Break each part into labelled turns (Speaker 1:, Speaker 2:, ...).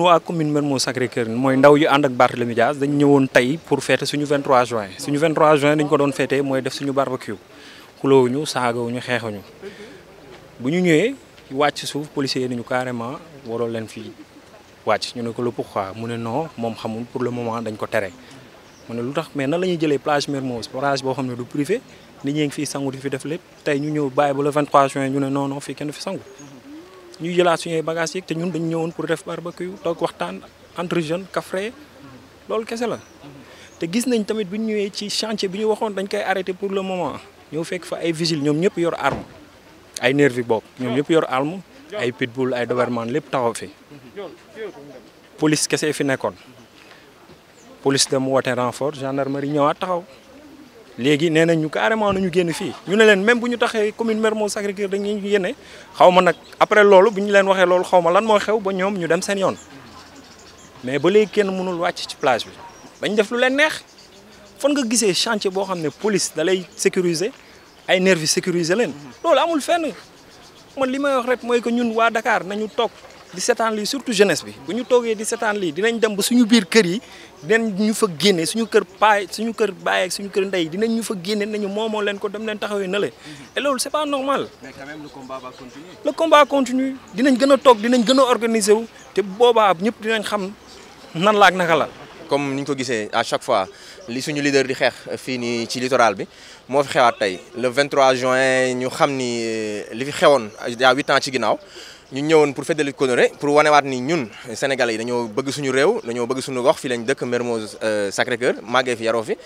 Speaker 1: Nous communément commune Sacré-Cœur pour fêter suñu 23 juin suñu 23 juin dañ ko doon fêter def suñu barbecue wacc suuf policier carrément leen ñu ne ko pourquoi mu non xamul pour le moment dañ ko mu mais Mermoz plage du privé ñi ngi sangu fi le 23 juin ñu ñuy jëlaat suñuy bagages yi te ñun dañu ñëwoon pour def barbecue toog waxtaan entre jeunes cafre loolu kese la. te gis nañ tamit bi ñu ñëwee ci chantier bi ñu waxoon dañ koy arrêté pour le moment ñëw fekk fa ay vigiles ñoom ñëpp yor arme ay nervi boob ñoom ñëpp yor arme ay pitbull ay doberman lépp taxaw fi. police kese fi nekkoon police dem woote renfort gendarmerie ñëwaat taxaw. léegi nee nañ ñu carrément nañu génn fii ñu ne leen même bu ñu taxee commune Mermoz Sacré-Cœur dañuy génne xaw ma nag après loolu bu ñu leen waxee loolu xaw ma lan moo xew ba ñoom ñu dem seen yoon mais ba léegi kenn mënul wàcc ci plage bi dañ def lu leen neex fan nga gisee chantier boo xam ne police da lay sécuriser ay nervi sécuriser leen loolu amul fenn man li may wax rek mooy que ñun waa Dakar nañu toog 17 ans, surtout jeunesse bi dinañ dem suñu biir kër yi ñu fa suñu kër suñu kër ak suñu kër et ce n'est pas normal. mais quand même le combat va continuer. le combat continue dinañ gën a dinañ organiser wu ñëpp dinañ comme nous ñu
Speaker 2: à chaque fois li suñu leader di xeex littoral bi le 23 juin nous xam ni euh, li fi ans ci ñu ñëwoon pour feddali konoré pour wanewaat ni ñun sénégalais yi dañoo bëgg suñu réew dañoo bëgg suñu gox fi lañ dëkk Mermoz euh, Sacré-Cœur màggee fi yaroo fi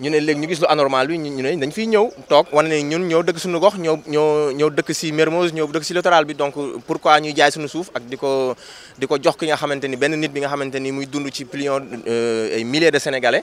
Speaker 2: ñu ne léegi ñu gis lu anormal bi ñu ne dañ fiy ñëw toog wane ne ñun ñoo dëkk suñu gox ñoo ñoo ñoo dëkk si Mermoz ñoo dëkk si littoral bi donc pourquoi ñuy jaay suñu suuf ak di ko di ko jox ki nga xamante ni benn nit bi nga xamante ni muy dund ci plion euh, ay milliers de sénégalais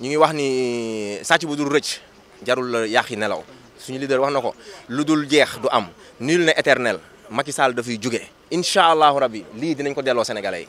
Speaker 2: ñu ngi wax ni euh, sàcc bu dul rëcc jarul la yàq yi nelaw suñu leader wax na ko lu dul jeex du am nul ne éternel Macky Sall dafay jóge incha allahu rabbi lii dinañ ko delloo sénégalais